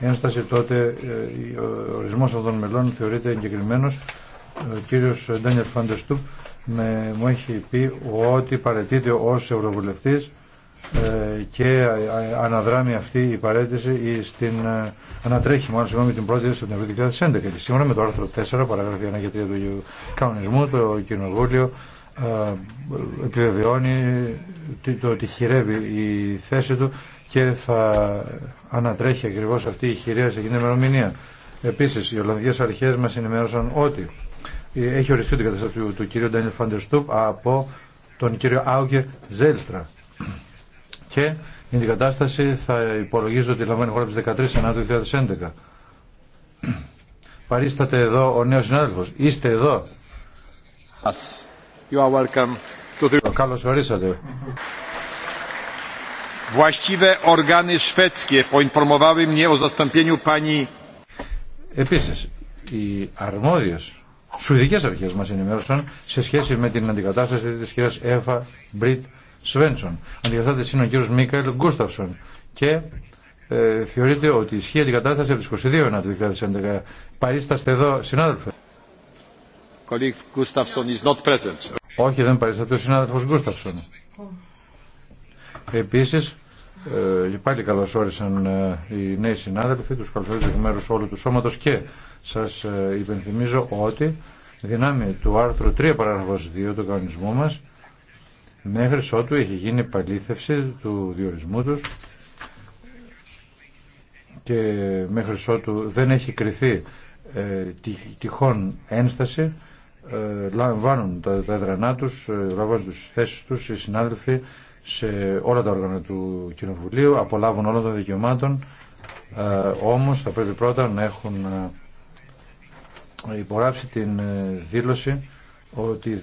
ένσταση, τότε ε, ο ορισμός αυτών των μελών θεωρείται εγκεκριμένος. Ο κύριος Ντάνιελ Φαντεστούπ με, μου έχει πει ότι παρετείται ως Ευρωβουλευτής ε, και ε, αναδράμει αυτή η παρέτηση στην, ανατρέχει μάλλον συγγνώμη την πρώτη του 2011 Σήμερα με το άρθρο 4 παραγράφη 1 3 του κανονισμού το κοινοβούλιο επιβεβαιώνει το ότι χειρεύει η θέση του και θα ανατρέχει ακριβώς αυτή η χειρία σε εκείνη ημερομηνία. Επίσης, οι Ολλανδικές αρχές μας ενημέρωσαν ότι έχει οριστεί την κατάσταση του, του κύριου Ντάνιελ Φαντερστούπ από τον κύριο Άουγκε Ζέλστρα. Και η κατάσταση θα υπολογίζει ότι λαμβάνει χώρα από 13 Σενάτου 2011. Παρίστατε εδώ ο νέος συνάδελφος. Είστε εδώ. You Καλώς ορίσατε. Właściwe organy szwedzkie poinformowały mnie o zastąpieniu Επίσης, οι αρμόδιες σουηδικές αρχές μας ενημέρωσαν σε σχέση με την αντικατάσταση της κυρίας Εύα Μπριτ Σβένσον. Αντικατάστατης είναι ο κύριος Μίκαελ Γκούσταυσον και ε, θεωρείται ότι ισχύει αντικατάσταση από τις 22 Ιανουαρίου του 2011. Παρίσταστε εδώ, συνάδελφε. Όχι, δεν παρίσταται ο συνάδελφος Γκούσταυσον. Επίσης, ε, πάλι καλωσόρισαν όρισαν ε, οι νέοι συνάδελφοι, τους καλωσορίζω εκ μέρους όλου του σώματος και σας ε, υπενθυμίζω ότι δυνάμει του άρθρου 3 παράγραφος 2 του κανονισμού μας μέχρι ότου έχει γίνει παλήθευση του διορισμού τους και μέχρι ότου δεν έχει κρυθεί ε, τυχόν ένσταση ε, λαμβάνουν τα, τα έδρανά τους, ε, λαμβάνουν τις θέσεις τους οι συνάδελφοι σε όλα τα όργανα του Κοινοβουλίου, απολάβουν όλων των δικαιωμάτων, ε, όμως θα πρέπει πρώτα να έχουν ε, υπογράψει την ε, δήλωση ότι